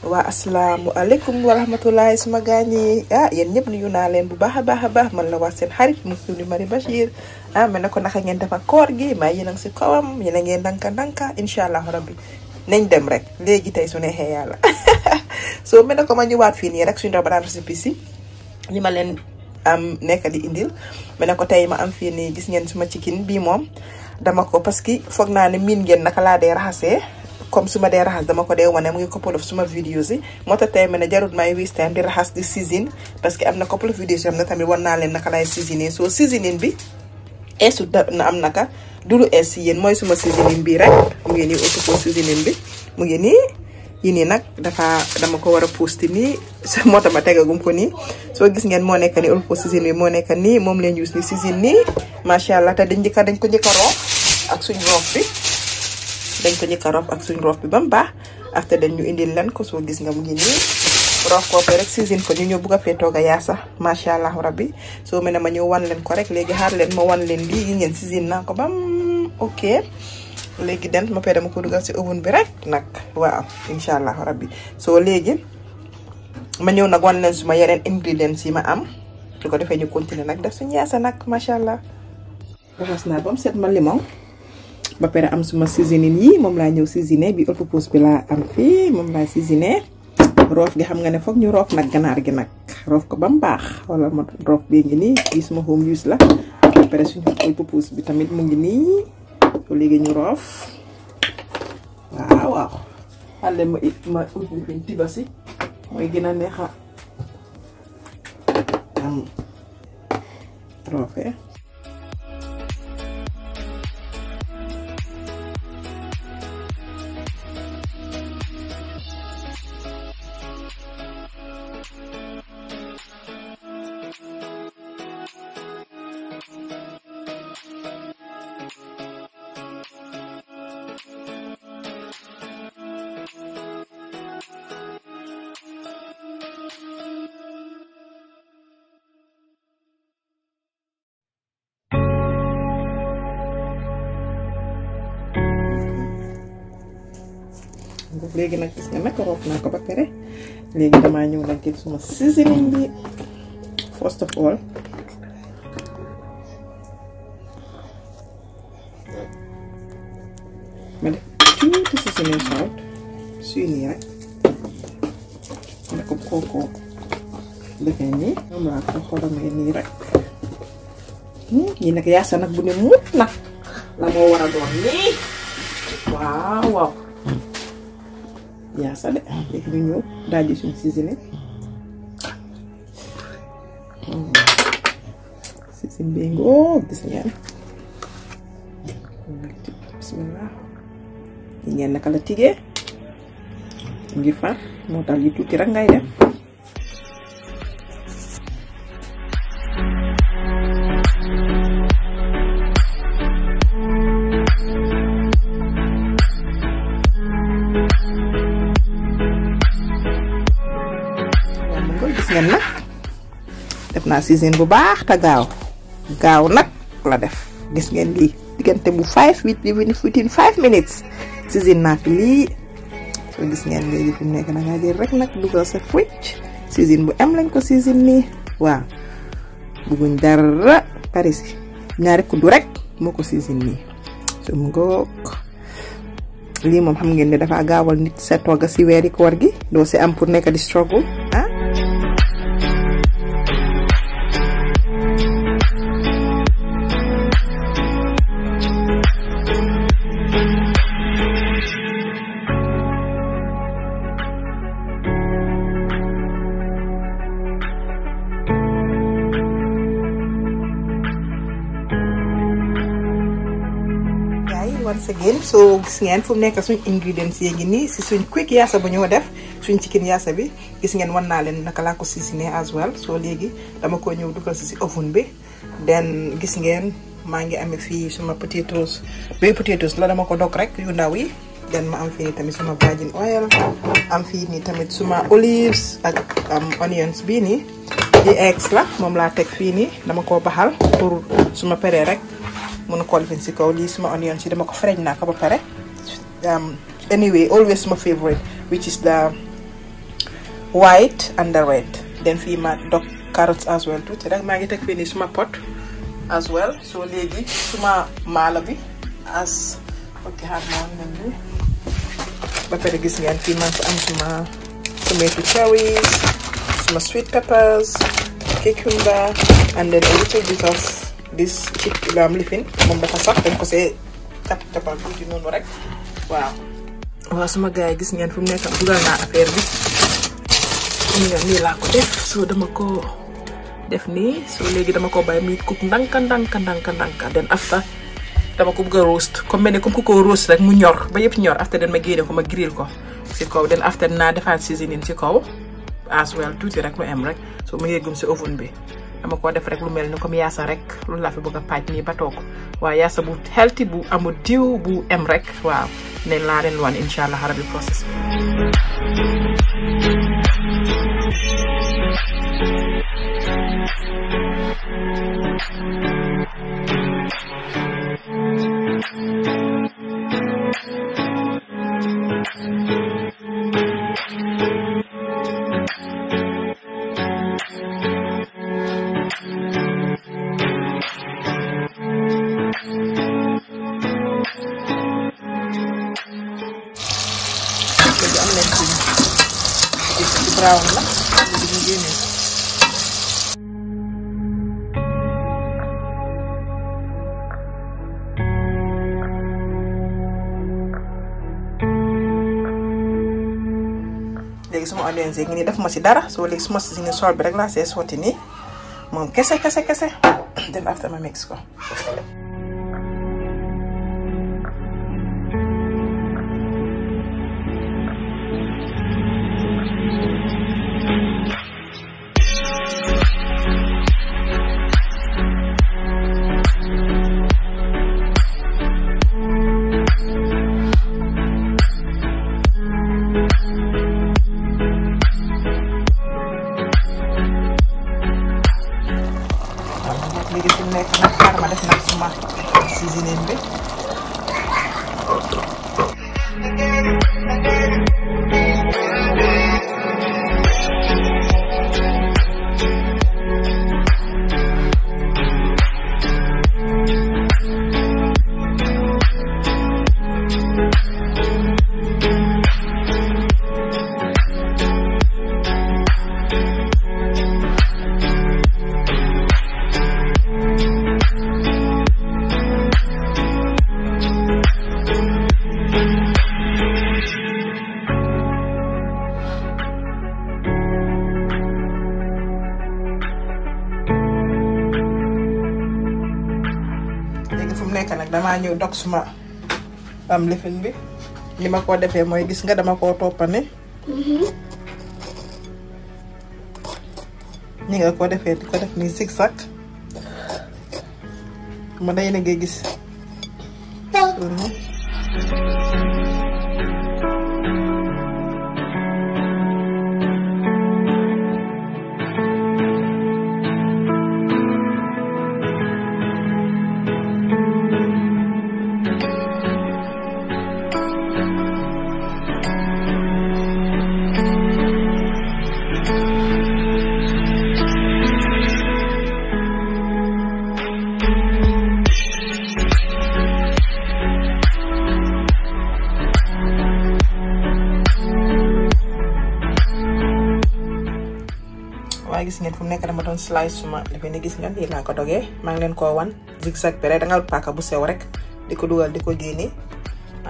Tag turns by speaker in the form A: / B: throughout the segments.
A: assalamu alaikum wa rahmatullahi sama gaañi ah yen ñep nuyu na len bu baax a baax man la waa sen xarit mu ah man nako naka ngeen dafa koor gi ma a kawam yéen a ngeen danka danka inshallah rabbi nañ dem rek legi tay su neexee yalla so mel nako ma ñëwaat fi ni rek suñu recipe si ñima len am nekk di indil mel nako tay ma am fi ni gis ngeen suma chicken bi mom dama ko parce que foog naa ngeen naka comme su ma dee raxas dama ko de wane mu ngi couple of suma videos yi moo tax tey ma ne jarut may waste time di raxas di season parce que am na couple of videos yoo xam naa leen naka laay seasoning soo seasoning bi na ka naka du ees si yéen mooy suma seasoning bi rek mu ngi nii aussi ko seasoning mu ngi nii yi nii nag dafa dama ko war a posti nii moo tax ma tegagum ko nii soo gis ngeen moo nekk nii olpo moo nekk nii moom leen use ni season nii macha allah te dañ njëkka dañ ko njëkka roof ak suñ roof bi dañ ko njëkk a rof ak suñu rof bi ba mu baax after dañ ñu indil leen ko soo gis nga mu ngi nii rof ko rek season ko ñu ñëw bugg a fee toog a macha allah rabbi soo mel ne ma ñëw wan leen ko rek léegi xaar leen ma wan leen lii yi ngeen season naa ko bam ok léegi den ma pare dama ko dugal si oven bi rek nag waaw incha allah rabbi soo léegi ma ñëw nag wan leen suma yeneen ingredients yi ma am su ko defee ñu continuer nag def suñu yaasa nag macha allah. raxas naa ba mu ma limon. ba pare am suma seasoning yi mom la ñew seasoné bi ëpp pousse bi la am fi mom la seasoné roof gi xam nga ne fokk ñu roof nak ganar gi nak roof ko bam baax wala ma roof bi ngi ni bii suma home use la ba pare suñu ëpp pousse bi tamit mu ngi ni ko ñu roof waaw waaw alle ma it ma ut bi fiñ tiba si neexa am léegi nag gis nga naka roof naa ko ba pare léegi damaa ñëw nag jël suma seasoning bi first of all ma def tuuti seasoning salt suy nii rek ma ko kookoo defee nii moom laa ko xoromee nii rek ñii nag yaasa nag bu ne muut nag la moo war doon nii waaw waaw yaasa de léegi ñu ñëw daaji suñ sisine sisin bi ngoo gis ngeen bismillah ngeen naka la tigee ngi far moo tax yi tuuti rek ngeen nak def na cuisine bu baax ta gaaw gaaw nak la def gis ngeen li digante bu 5 8 within 5 minutes cuisine naa fi lii soo gis ngeen li fi nek na nga jël rek nak dugal sa fridge cuisine bu am lañ ko ni wa bu bugguñ dara Paris ñaari kuddu rek moko ko ni so mu ngoog lii moom xam ngeen ne dafa gawal nit setoga togga si weeri koor gi doo si am pour nekk di struggle ah again so gis ngeen fu nek suñ ingredients yi ngi ni ci suñ quick yassa bu ñoo def suñ chicken yassa bi gis ngeen wan na len naka la ko seasoné as well so lagi, dama ko ñew duggal ci oven bi then gis ngeen ma ngi amé fi suma potatoes be potatoes la dama ko dok rek yu ndaw yi then ma am fi ni tamit suma virgin oil am fi ni tamit suma olives ak am onions bi ni di eggs la moom laa ni fii nii dama ko bahal pour suma peree rek mun colvin si kaw lii suma onion si dama ko freñ naa ko ba pare anyway always my favorite which is the white and the red then fii ma dog carrots as well too. rek maa ngi teg fii nii suma pot as well so léegi suma maalo bi as ok xaar ma woon nañ bi ba pare gis ngeen fii maa ngi am suma tomato cherries suma sweet peppers cucumber and then a little bit of dis la am lifin mom dafa sax dañ ko see tap tapal ko ci nonu rek waaw wa sama gaay gis ngeen fu mu nekk dugal na affaire bi ni nga ni la ko def so dama ko def ni so léegi dama ko bay mi cook ndank ndank ndank ndank den afta dama ko bëgg roast comme mel comme ko roast rek mu ñor ba yëpp ñor afta den ma gëné ko ma grill ko ci kaw den afta na defaat seasoning ci kaw as well tuuti rek mu em rek so ma yëgum ci oven bi dama ko def rek lu mel comme yaasa rek loolu laa fi bëgg a paaj ba toog waaw yaasa bu healthy bu amul diw bu em rek waaw ne laa leen wan incha allah rabi process suma organisé ngi nii def ma si dara soo léegi suma si ni sol bi rek laa see sotti nii moom kese kese kese dem after ma mix ko léegi fi mu nekk nag xaaral ma def nag suma cuisine bi mu nekk nag damaa ñëw dog suma am lifin bi li ma ko defee mooy gis nga dama koo toppane ni nga ko defee di ko def ni zigzag ma day na ngay gis gis ngeen fu nek dama don slice suma defe ne gis ngeen lii ko dogee mang len ko wan zigzag bi rek nga paka bu sew rek diko dugal diko gene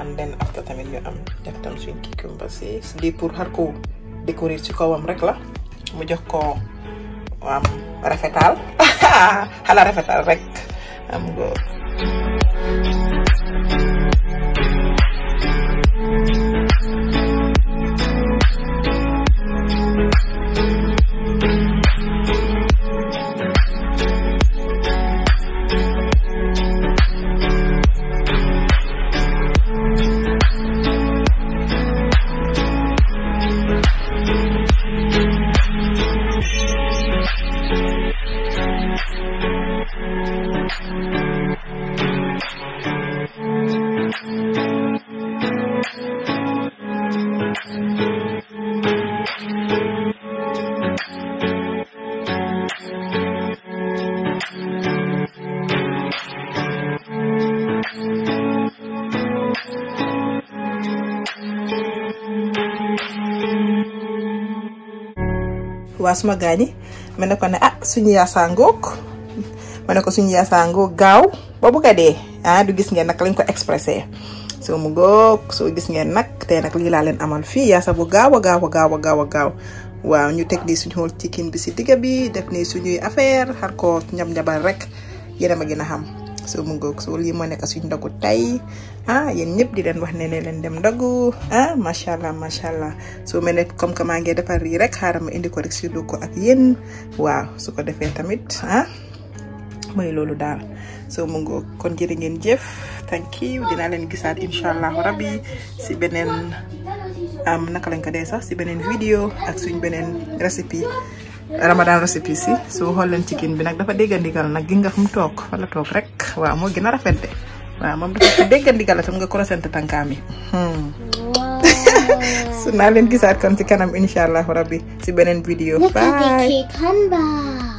A: and then after tamit ñu am def tam suñ cucumber ci di pour har ko décorer ci kawam rek la mu jox ko am rafetal hala rafetal rek am you waa suma gaañi aku ne ko ne ah suñu yaasaa ngoog ma ne ko suñu yaasaa ngoog gaaw ba bu a dee ah du gis ngeen nag lañ ko expressé e. so mu ngoog so gis ngeen nag tey nag lii laa leen amal fii yaasa bu gaaw a gaaw a gaaw a gaaw a gaaw waaw ñu teg suñu whole chicken bi si digga bi def nii suñuy affaire xar ko ñam-ñabal rek yéen a ma gën xam so mu so suul yi moo nekk suñ ah yéen di leen wax ne ne leen dem ndogu ah machallah machallah so menet comme que ma ngi defar yi rek xaram indi ko rek ko ak waaw su ko tamit ah may lolu dal so mu ngok kon jere ngeen jef thank you dina len gisaat inshallah rabbi si benen am naka lañ ko dé sax si benen video ak suñ benen recipe Ramadan recipes yi soo xool leen chicken bi nag dafa déggandigal nag gi nga fu mu toog wala toog rek waaw moo gën a rafet de waaw moom dafa déggandigal tam nga korosente tànkaam yi. Hmm. su naa leen gisaat kon ci kanam incha allah rabbi ci beneen vidéo. bye